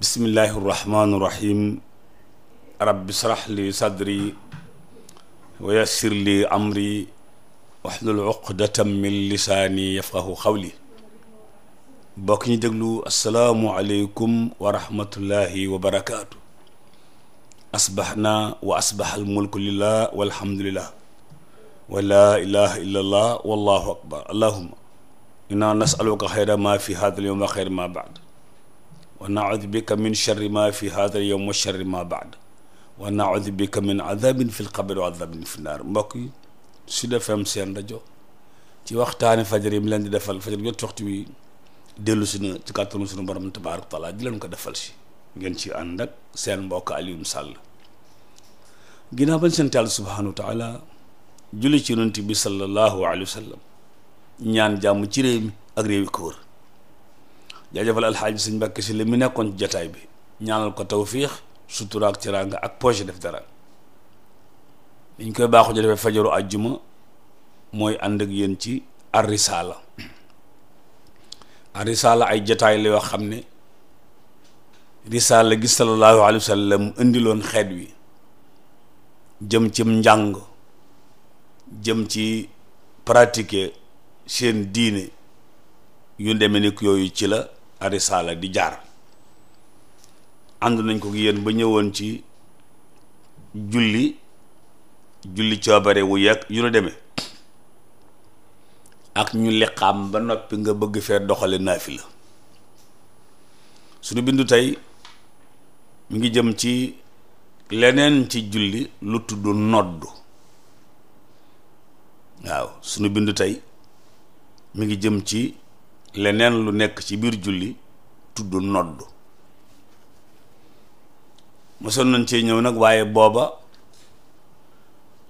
bismillahi irrahmani irrahim rabbi shrah li sadri wa yassir li amri waxlul uqdatam min lisaani yafqahu xawli bokk ñu déglu asalaamualeykum wa rahmatullahi wa barakaatu asbaxna wa asbaxal mulku lillah walhamdulillah wa laa ilaha illa allah wallahu akbar allahuma inna nasaluka xayra ma fi hada al yowm wa xayra ma baad wa naudu bika min sharri ma fi hada al yowm wa sharri ma baad wa naudu bika min adabin fi lqabri wa adabin fi naar mbokk yi Sud FM seen rajo ci waxtaani fajar yi mu leen di defal fajar jot waxtu wi dellu si na ci kàttanu sunu borom tabaaraka wa taala di leen ko defal si ngeen ci ànd ak seen mbokk Alioune Sall ginnaaw bañ sant Yàlla subhaanahu wa taala julli ci yonent bi sallallahu alayhi wa sallam ñaan jàmm ci réew mi ak réew yi ko wër jaajëfal alxaaj bi sëñ Mbàkke si li mu nekkoon ci jataay bi ñaanal ko tawfiix sutura ci teraanga ak projet def dara liñ koy baaxu ja defee fajaru àjjuma mooy ànd ak yéen ci arisaala arisaala ay jataay la yoo xam ne risaala gi sallallahu alayhi wa sallam indiloon xeet wi jëm ci njàng jëm ci pratiquer seen diine yu demee ni yooyu ci la arisaala di jaar ànd nañ ko yéen ba ñëwoon ci julli julli coobare wu yeeg yu la demee ak ñu liqaam ba noppi nga bëgg fee doxale naafi la suñu bindu tey mu ngi jëm ci leneen ci julli lu tudd nodd waaw suñu bindu tey mi ngi jëm ci leneen lu nekk ci biir julli tudd nodd mosoon nañ cee ñëw nag waaye booba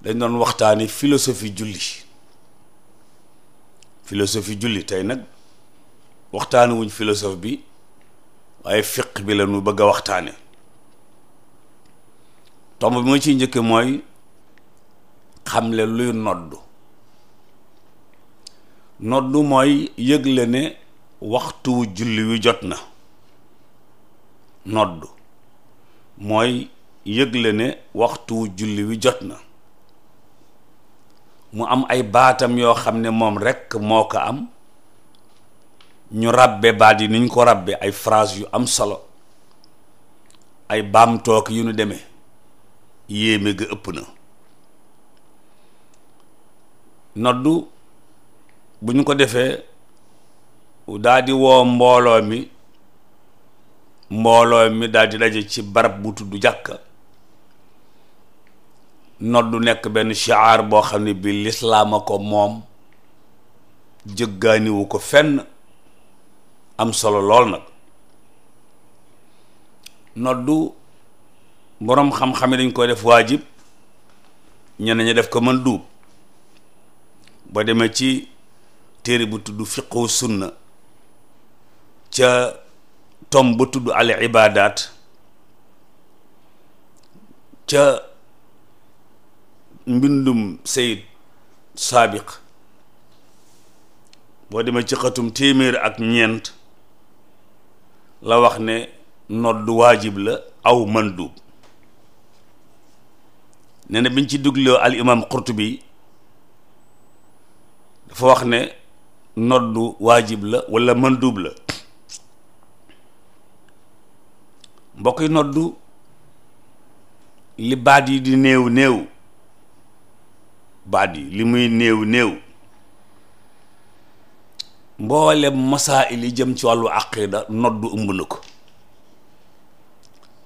dañ doon waxtaani philosophie julli philosophie julli tey nag waxtaani wuñ philosophe bi waaye fiq bi la ñu bëgg a waxtaane tomb bi ma ciy njëkke mooy xamle luy nodd noddu mooy yëgle ne waxtu wu julli wi jot na noddu mooy yëgle ne waxtu julli wi jot na mu am ay baatam yoo xam ne moom rekk moo ko am ñu ràbbe baat yi niñ ko ràbbe ay phrase yu am solo ay baamtook yu nu demee yéeme ga ëpp na noddu bu ñu ko defee daal di woo mbooloo mi mbooloo mi daal di daje ci barab bu tudd jàkka noddu nekk benn shiar boo xam ne bi lislaam a ko moom jëggaaniwu ko fenn am solo lool nag noddu boroom xam-xam yi dañ koy def waajib ñenn ñi def ko mën duub ba demee ci téere bu tudd fiqhu sunna ca tom ba tudd al ibadat ca mbindum sayid saabiq boo demee ci xatum téeméer ak ñeent la wax ne nodd waajib la aw mandub nee na biñ ci dugloo al imam qurtubi dafa wax ne noddu waajib la wala mandub la mbokk yi noddu li baat yi di néew néew baat yi li muy néew néew mboole masaa'il yi jëm ci wàllu aqida noddu ëmb na ko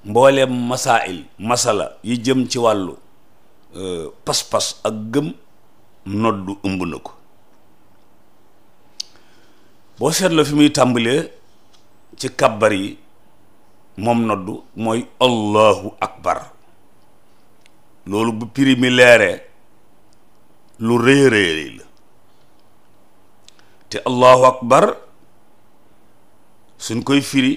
mboole masaa'il masala yi jëm ci wàllu euh, pas-pas ak gëm noddu ëmb na ko boo seetloo fi muy tàmbalee ci kabar yi moom noddu mooy allahu akbar loolu bu piri mi leeree lu rëy rëy la te allahu akbar suñ koy firi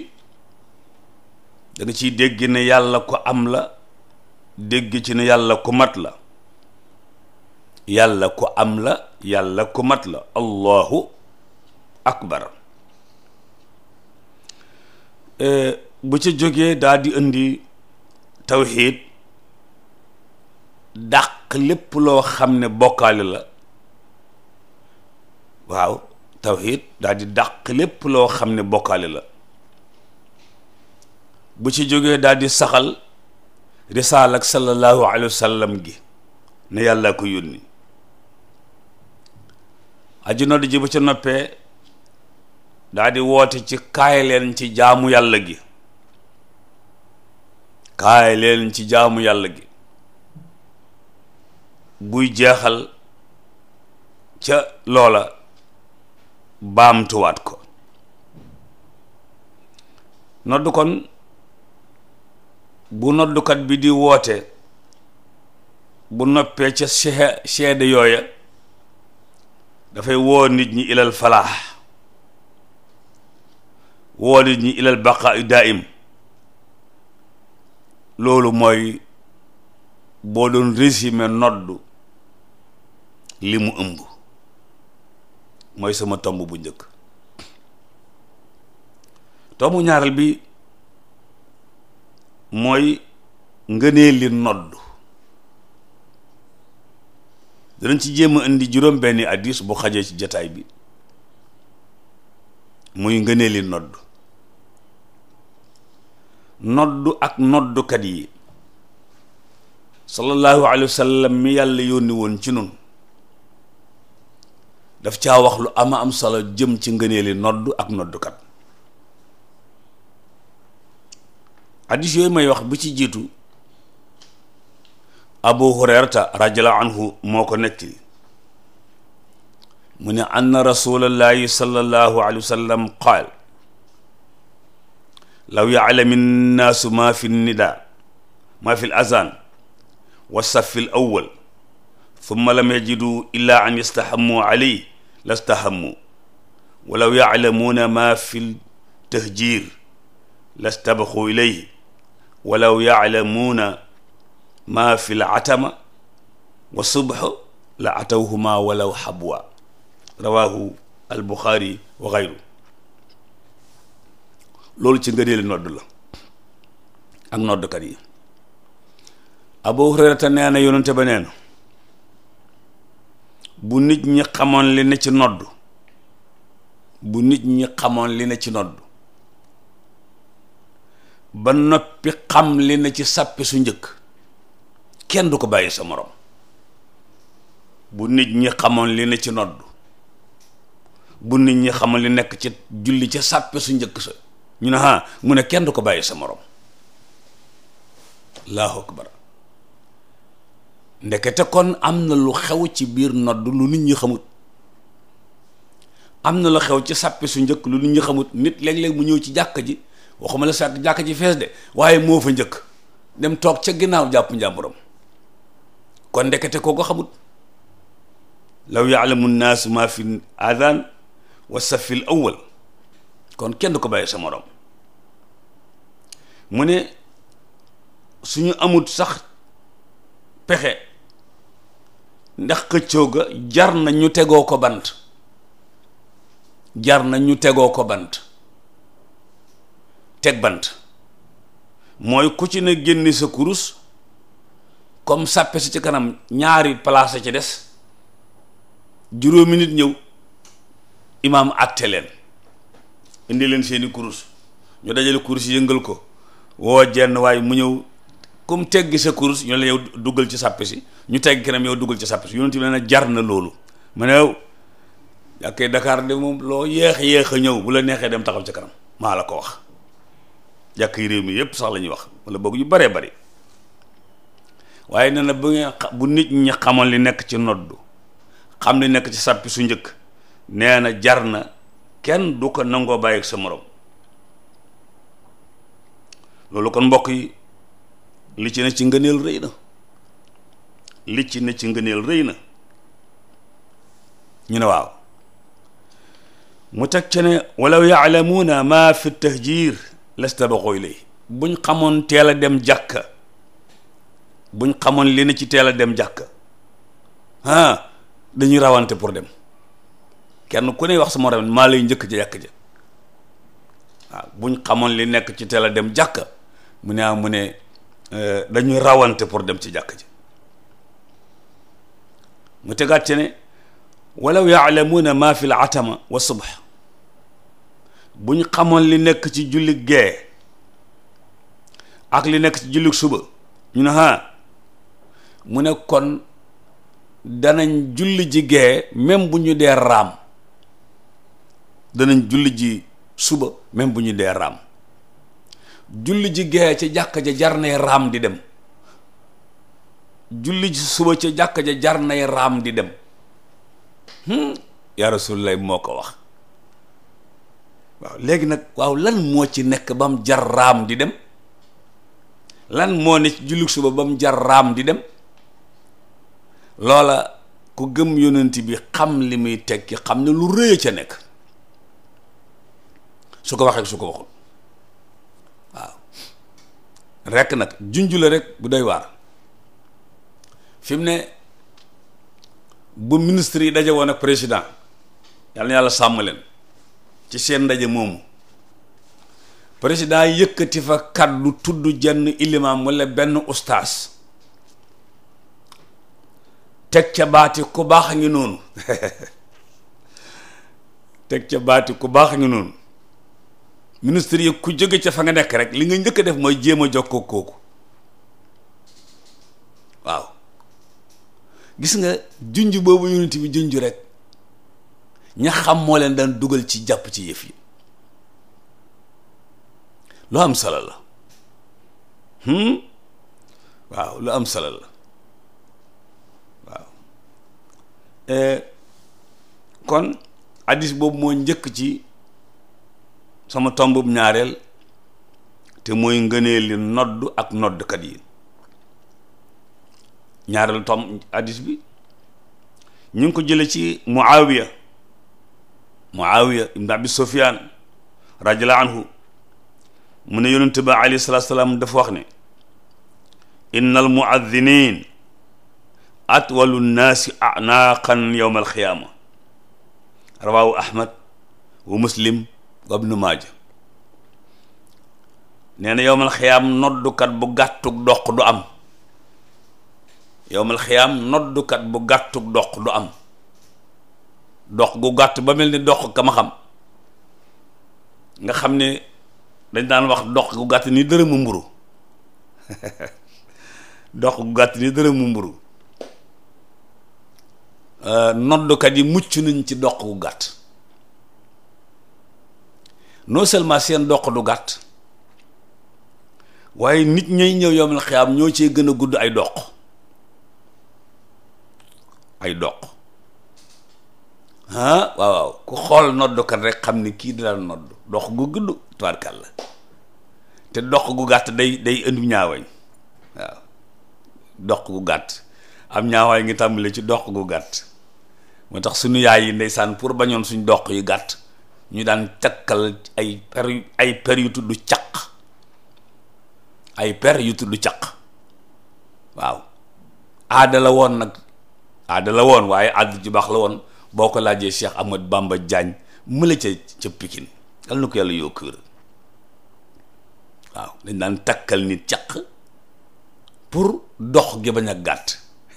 da ciy dégg ne yàlla ko am la dégg ci ne yàlla ko mat la yàlla ko am la yàlla ko mat la allahu akbar e, bu ci jógee daal di indi tawxiid dàq lépp loo xam ne bokkaale la waaw tawxiid daal di dàq lépp loo xam ne bokkaale la bu ci jógee daal di saxal risaal ak sallallahu alayhi wa gi ne yàlla ko yónni aji nodd ji bu ci noppee daa di woote ci kaay leen ci jaamu yàlla gi kaay leen ci jaamu yàlla gi buy jeexal ca loola baamtuwaat ko nodd kon bu noddukat bi di woote bu noppee ca seede yooya dafay woo nit ñi ilal falaax wooli ñi ilal baqaa daaim loolu mooy boo doon résumé noddu li mu ëmb mooy sama tomb bu njëkk tombu ñaareel bi mooy ngënee li noddu danañ ci jéem a indi juróom benni addis bu xajee ci jataay bi muy ngënee li noddu noddu ak noddukat yi sallallahu alayhi wa sallam mi yàlla yónni woon ci nun daf caa wax lu ama am solo jëm ci ngëneeli noddu ak noddukat hadis yooyu may wax bi ci jiitu abu hurayrata radiallahu anhu moo ko netti mu ne anna rasulallahi sallallahu alayhi wa qaal law yaalami nnaasu maa fi nida maa fi l azan wa safi l awal summa lam yajidu illa an yastahammu aley lastahammu walaw yaalamuuna maa fi tahjir lastabaxu ilayhi walaw yaalamuuna maa fi l atama wa subh la atawhuma walaw habwa rawahu al buxaari wa gayru loolu ci ngëneeli nodd la ak noddkat yi Abu Hurayrata nee na yonente ba nee bu nit ñi xamoon li ne ci nodd bu nit ñi xamoon ci nodd ba noppi xam li ne ci sàppi su njëkk kenn du ko bàyyi sa moroom bu nit ñi xamoon li ne ci nodd bu nit ñi xamoon li nekk ci julli ca sàppi su njëkk sa ñu ne ah mu ne kenn du ko bàyyi sa moroom allahu akbar ndekete kon am na lu xew ci biir nodd lu nit ñi xamut am na lu xew ci sàppi su njëkk lu nit ñi xamut nit léeg-léeg mu ñëw ci jàkk ji waxuma la sàkk jàkk ji fees de waaye moo fa njëkk dem toog ca ginnaaw jàpp njàmburam kon ndekete koo ko xamut law yaalamu nnaas ma fi adan wa safi l awal kon kenn du ko bàyyi sa morom mu ne suñu amut sax pexe ndax xëccoo ga jar na ñu tegoo ko bant jar na ñu tegoo ko bant teg bant mooy ku ci ne génne sa kurus comme sàppe si ci kanam ñaari place ci des juróomi nit ñëw imaam àtte leen indi leen seeni kurus ñu dajale kurus yëngal ko woo jenn waaye mu ñëw comme teggi sa kurus ñu la yow duggal ci sàppe si ñu tegg kenam yow duggal ci sàppe si yonent bi nee na jar na loolu ma ne yàkkee Dakar moom loo yéex yéex a ñëw bu la neexee dem taxaw ca kanam maa la ko wax jàkk réew mi yépp sax la ñuy wax wala boog yu baree bari waaye nee na bu bu nit ñi xamal li nekk ci noddu xam li nekk ci sàppi su njëkk nee na jar na kenn du ko nangoo bàyyi sa morom loolu kon mbokk yi li ci ci ngëneel rëy na li ci ne ci ngëneel rëy na ñu ne waaw mu teg ci ne walaw yaalamuuna ma fi tahjir lastabaxoo ilay buñ xamoon teel a dem jàkka buñ xamoon li ne ci teel a dem jàkka ah dañuy rawante pour dem kenn ku ne wax sama morom maa lay njëkk ja jàkk ja buñ xamoon li nekk ci teel a dem jàkk mu ne ah mu ne euh, dañuy rawante pour dem ci jàkk ji mu tegaat ci ne walaw yaalamuuna ma fi l atama wa subh buñ xamoon li nekk ci julli gee ak li nekk ci julli suba ñu ne ha ah, mu ne kon danañ julli ji gee même bu ñu dee raam danañ julli ji suba même bu ñu dee raam julli ji gee ca jàkk ja jar nay raam di dem julli suba ca jàkk ja jar nay raam di dem hmm? yaa rasulullah moo ko wax waaw léegi nag waaw lan moo ci nekk ba mu jar raam di dem lan moo ne ci suba ba mu jar raam di dem loola ku gëm yonent bi xam li muy tekki xam ne lu rëy ca nekk su ko waxee su ko waxul waaw rekk nag junju la rek bu doy waar fi mu ne bu ministre yi daje woon ak président yàlla na yàlla sàmm leen ci seen ndaje moomu président yëkkati fa kàddu tudd jenn ilimaam walla benn ustaas teg ca baati ku baax a ngi noonu teg ca baati ko baax a ngi noonu ministre yi ku jóge ca fa nga nekk rek li nga njëkk def mooy jéem a kooku waaw gis nga junj boobu yonent bi junj rek ña xam moo leen daan dugal ci jàpp ci yëf yi lu am solo la hmm? waaw lu am solo la waaw eh, kon hadis boobu moo njëkk ci sama tombub ñaareel te mooy ngënee li nodd ak noddkat yi ñaareelu tomb hadis bi ñu ngi ko jële ci muawiya muawiya ibn abi sufyaan radiallahu anhu mu ne yonente ba alayhi salaam dafa wax ne inna al muaddinin atwalu nnaasi anaaqan yowma alxiyaama rawaahu ahmad wa muslim wa Ibnu Maaja nee na yowmal xiyaam noddukat bu gàttuk doq du am yowmal xiyaam noddukat bu gàttuk doq du am doq gu gàtt ba mel ni dox ka xam nga xam ne dañ daan wax doq gu gàtt nii dërëm mu mburu dox gu gàtt ni dërëm mu mburu euh, noddukat yi mucc nañ ci doq gu gàtt non seulement seen doq du gàtt waaye nit ñay ñëw yomul xiyaam ñoo cee gën a gudd ay doq ay doq ah waaw waaw ku xool noddukat rek xam ni kii dina nodd doq gu gudd tubaarkal la te doq gu gàtt day day indi ñaawañ waaw dox gu gàtt am ñaawaay ngi tàmbale ci doq gu gàtt moo tax suñu yaay yi ndeysaan pour bañoon suñ doq yu gàtt ñu daan cakkal ay per ay per yu tudd caq ay per yu du caq waaw aada la woon nag aada woon waaye aada ju baax la woon boo ko laajee Cheikh Ahmad Bamba Diagne mëla ca ca Pikine yal na ko yàlla yokk wér waaw dañ daan takkal nit caq pour dox gi bañ a gàtt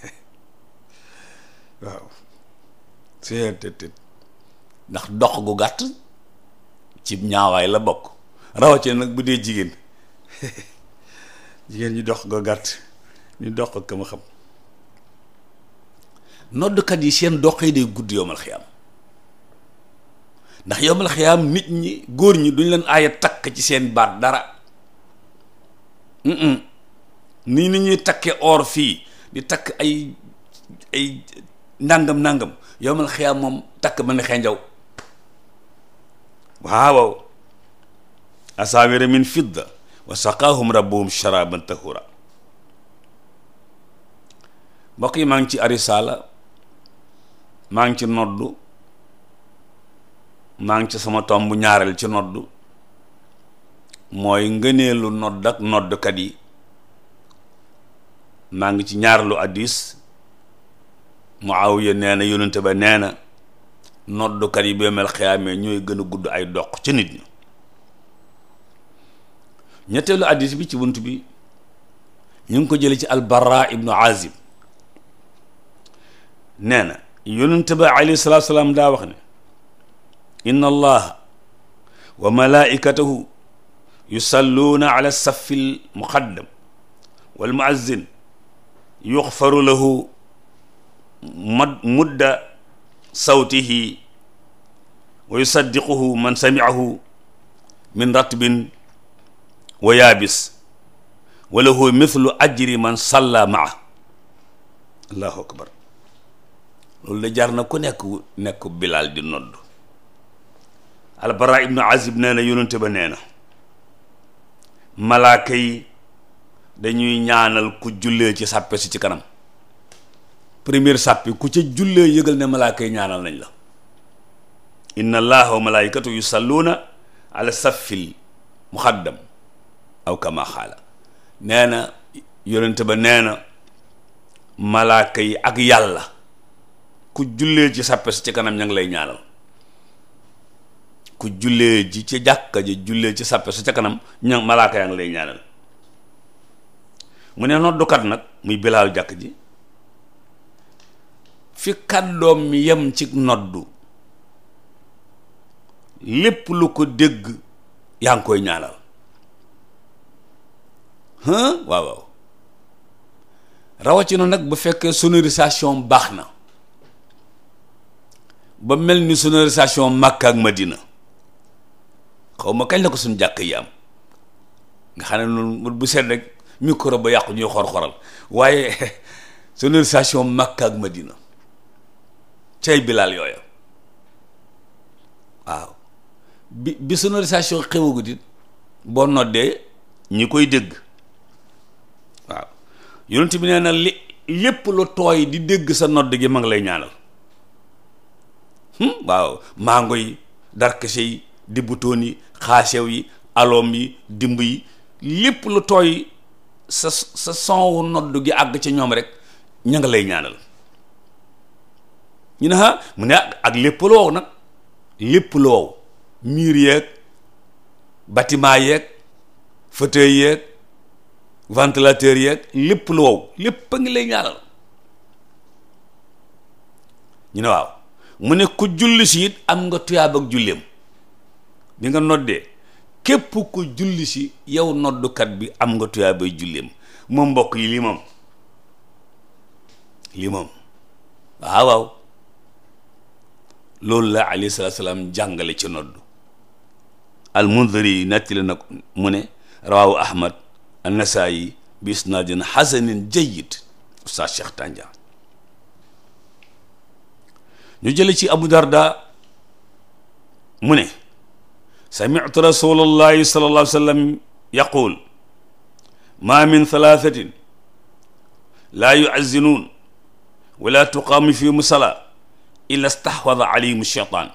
waaw seet ndax dox gu gàtt ci ñaawaay la bokk rawatina nag bu dee jigéen jigéen ñu dox ko gàtt ñu doq ko ma xam noddukat yi seen doq yi day gudd yomal xiyaam ndax yomal xiyaam nit ñi góor ñi duñ leen aaya takk ci seen baat dara nii ni ñuy takke or fii di takk ay ay ndàngam nàngam yomal xiyaam moom takk mën a xenjaw waaw asaawira min fidda wa saqaahum rabbuhum sharaban tahura mbokk yi maa ngi ci arisala maa ngi ci noddu maa ngi ci sama tomb ñaareel ci noddu mooy ngëneelu nodd ak noddkat yi maa ngi ci ñaarlu addis Muawiya nee na yonente ba nee na noddukat yi bee mel xiyaamee ñooy gën a gudd ay doq ca nit ñi ñetteelu hadiis bi ci bunt bi ñu ngi ko jële ci albarra ibnu azib nee na yonente ba salaam daa wax ne inna allaha wa malaikatahu yusalluuna ala safi lmuqaddam walmuazzin yuxfaru lahu mad mudda sawtihi wa yusaddiquhu man samiahu min ratbin wa yaabis wa lahu mithlu ajri man salla maa allahu akbar loolu de jar na ku nekk nekk bilaal di nodd albara ibnu azib nee na yonente ba nee na malaaka dañuy ñaanal ku jullee ci sàppe si ci kanam première sàppi ku ci jullee yëgal ne malaaka yi ñaanal nañ la inna allaha wa malaikatu yusalluuna ala saffil muxaddam aw kama xaala nee na ba neena na malaaka yi ak yàlla ku jullee ci sàppes ci kanam ña ngi lay ñaanal ku jullee ji ci jàkka ji jullee ci sa ca kanam ña malaaka yaa ngi lay ñaanal mu ne noddukat nag muy bilaal jàkk ji fi kàddoom yem ci noddu lépp lu ko dégg yaa ngi koy ñaanal waaw waaw rawatina nag bu fekkee sonorisation baax na ba mel ni sonorisation Makka ak Madina xaw ma kañ la ko suñu jàkk yi am nga xam ne noonu bu seet rek micro ba yàqu ñuy xor-xoral waaye sonorisation Makka ak Madina cay bilaal yooya waaw bi bi sonorisation xewagut it boo noddee ñi koy dégg waaw yonent bi nee na li lépp lu tooy di dégg sa nodd gi ma lay ñaanal hmm? waaw mango yi darkase yi dibutoon yi xaasew yi aloom yi dimb yi lépp lu tooy sa sa sonwu nodd gi àgg ci ñoom rek ña nga lay ñaanal ñu ne ha mu ne ak lépp lu wow nag lépp lu wow mur yeeg bâtiment yeeg fauteuil yeeg ventilateur yéeg lépp lu wow lépp a ngi lay ñaanal ñu ne waaw mu ne ku julli si it am nga tuyaab ak julleem bi nga noddee képp ku julli si yow noddukat bi am nga tuyaabay julleem moom mbokk yi lii moom lii moom waaw waaw loolu la alayhi salaam jàngale ci nodd almundari yi nettali na mu ne rawahu ahmad annasaayi bi isnaadin xasanin jayyid ustaas cheikh tànja ñu jële ci abu darda mu ne samitu rasulallahi sallallahu alayhi wa sallam yaquul ma min thalathatin laa yuazzinuun wala tuqaamu fi musala illa stahwada alayhim sheytaan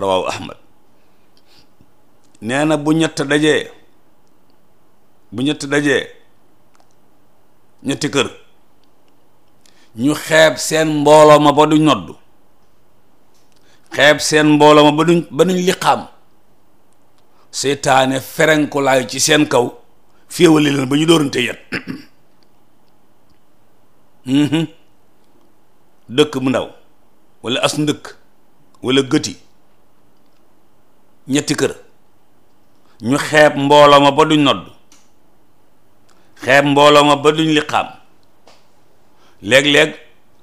rawahu ahmad nee na bu ñett dajee bu ñett dajee ñetti kër ñu xeeb seen mbooloo ma ba duñ noddu xeeb seen mbooloo ma ba duñ ba duñ liqaam seytaane ferenkulaayu ci seen kaw féewale leen ba ñu dóorante yet mhm. dëkk bu ndaw wala as ndëkk walla gëti ñetti kër ñu xeeb mbooloo ma ba duñ nodd xeeb mbooloo ma ba duñ liqaam léeg-léeg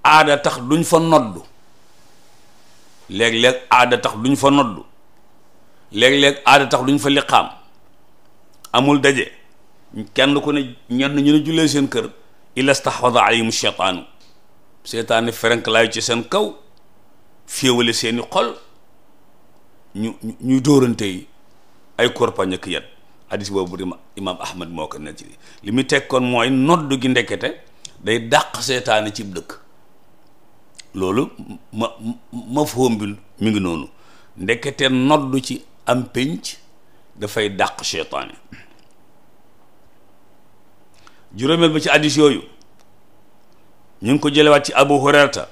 aada tax duñ fa noddu léeg-léeg aada tax duñ fa noddu léeg-léeg aada tax duñ fa liqaam amul daje kenn ku ne ñenn ñu ne jullee seen kër illa stahwada alayhim sheytaanu seytaane ferenk laay ci seen kaw féewale seeni xol ñu ñuy dóorante yi ay korpañ ak yat hadis boobu di imaam ahmad moo ko nettali li mu teg kon mooy nodd gi ndekete day dàq seetaane cib dëkk loolu ma mafhum bi mi ngi noonu ndekete nodd ci am pénc dafay dàq seetaane juróomeel ba ci hadis yooyu ñu ngi ko jëlewaat ci abu hurayrata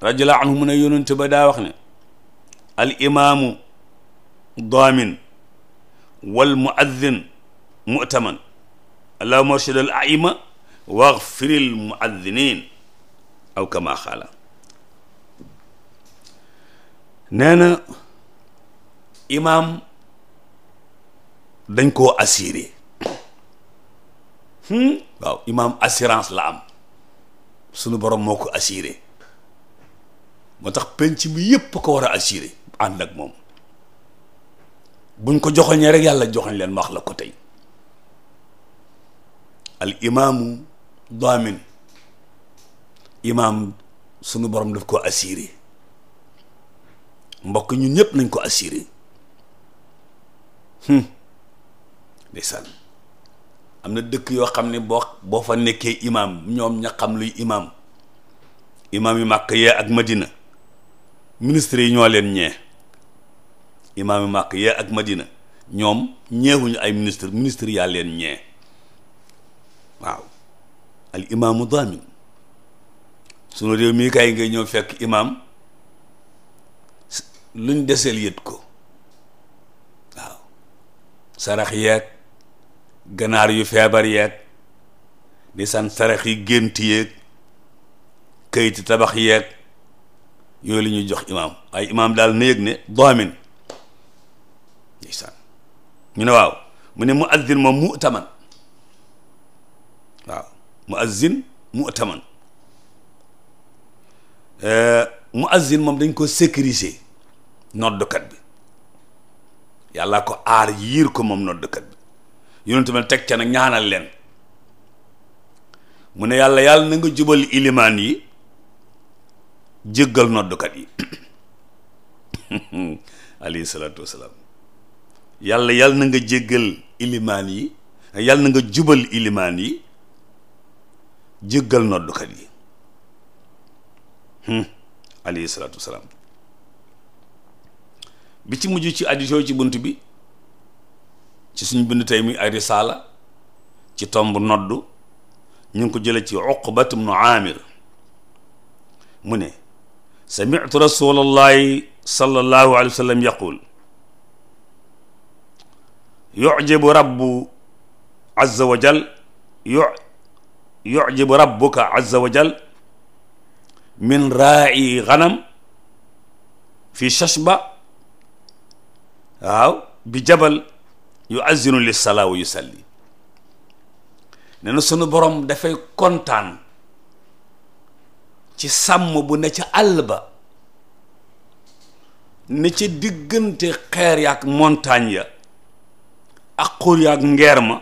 radiyallahu anhu mu ne yonente ba daa wax ne al imaamu daamin wal muaddin mutaman allahuma arshid al aima waxfir al muaddinin aw kama xaala nee na imaam dañ koo assuré hmm? waaw imaam assurance la am sunu borom moo ko assuré moo tax penc mi yépp ko war a assuré ànd ak moom buñ ko joxoñee rek yàlla joxoñ leen ma wax la ko tey al imaamu daamin imaam sunu borom def ko assuré mbokk ñun ñëpp nañ ko assuré hmm. ndeysaan am na dëkk yoo xam ne boo boo fa nekkee imaam ñoom ña xam luy imaam imaam yi màkk yee ak madina ministre yi ñoo leen ñee imaami màkk yee ak madina ñoom ñeewuñu ay ministre ministre yaa leen ñee waaw al imaamu daamin sunu réew mii kaay ngay ñëw fekk imaam luñ deseel yët ko waaw sarax yeeg ganaar yu feebar yeeg di san sarax yi gént yeeg kayiti tabax yeeg yooyu la ñuy jox imaam waaye imaam daal na yëg ne daamin ndeysaan ñu ne waaw mu ne muazzin moom mutaman waaw muazzin mutaman euh, muazzin moom dañ koo ko sécuriser noddkat bi yàlla ko aar yiir ko moom noddkat bi yonent tamit teg ca nag ñaanal leen mu ne yàlla yàlla na nga jubal ilimaan yi jéggal noddkat yi alayhi salaatu wasalaam yàlla yàlla na nga jéggal ilimaan yi yàlla na nga jubal ilimaan yi jéggal noddukat yi hmm. alayhi salaatu wasalaam bi ci mujj ci addis ci bunt bi ci suñ bind tey muy ay risaala ci tomb noddu ñu ngi ko jële ci uqbat ibnu aamir mu ne sami'tu rasulallahi sallallahu alayhi wa sallam yaqul yujibu rabbu azza wa jal yu yujibu rabbuka azza wa jal min raa'i ganam fi chashba waaw bi jabal yu azinu li salaa wa yusalli nee na sunu borom dafay kontaan ci sàmm bu ne ca àll ba ne ca diggante xeer yaak montagne ya ak xur ya ak ngeer ma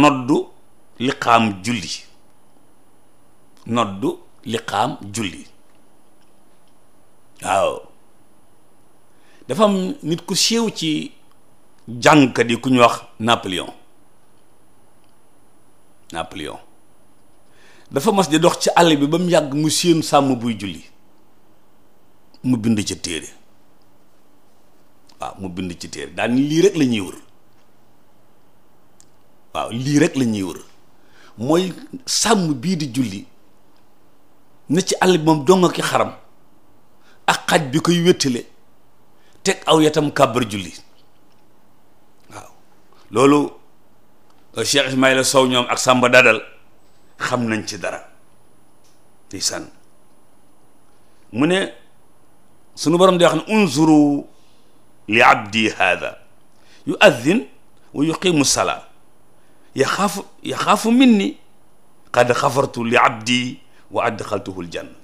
noddu liqaam julli noddu liqaam julli waaw dafa am nit ku siiw ci jàngkat yi ku ñu wax Napoléon Napoléon dafa mas di dox ci àll bi ba mu yàgg mu séen sàmm buy julli mu bind ca téere waaw ah, mu bind ci téere daal lii rek la ñuy wër waaw lii rek la mooy sàmm bii di julli na ci àll bi moom dong ki xaram ak xaj bi koy wéttale teg aw yatam kàbbar julli waaw loolu euh, Cheikh Ismaïla Sow ñoom ak Samba Dadal xam nañ ci dara ndeysaan mu ne sunu borom di wax ne unzuru li abdi hada yuaddin wa yuqimu salaa yaxaafu yaxaafu ni qad xafartu li abdi wa adxaltuhu ljanna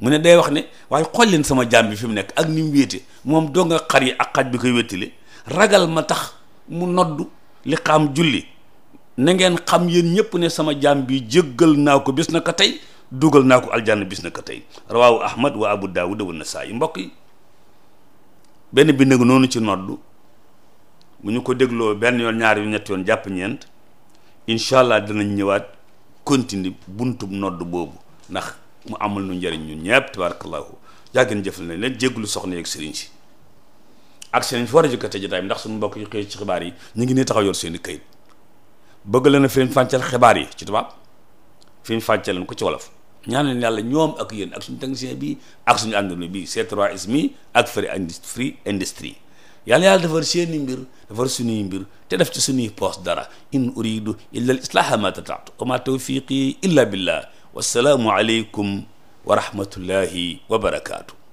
mu ne day wax ne waaye xool leen sama jaam bi fi mu nekk ak ni mu wéete moom doo nga xar yi ak xaj bi koy wéttile ragal ma tax mu nodd li xaam julli na ngeen xam yéen ñëpp ne sama jaam bi jéggal naa ko bis na ko tey dugal naa ko aljanna bis na ko tey rawaahu ahmad wa abu daawuda wa nasaayi mbokk yi benn bind ngi noonu ci noddu bu ñu ko dégloo benn yoon ñaar yu yoon jàpp ñeent incha allah dinañ ñëwaat continue buntu nodd boobu ndax mu amul nu njariñ ñu ñëpp tabarakallahu yàggeen jëfal nañ leen jégglu soxna yeeg sëriñ si ak seen fi war a jëkkate jotaay bi ndax suñu mbokk yu xëy ci xibaar yi ñu ngi ne taxaw yor seen i këyit bëgg leen a firim fàncal xibaar yi ci tubaab firim fàncal leen ko ci wolof ñaanal yàlla ñoom ak yéen ak suñu technicien bi ak suñu àndandoo bi C3S mi ak Free Industrie Free Industrie yàlla yàlla defar seeni mbir defar suñuy mbir te def ci suñuy poos dara in uridu illa al islaha ma tataatu wa ma tawfiqi illa billah wassalaamu aleykum wa rahmatullahi wa barakaatu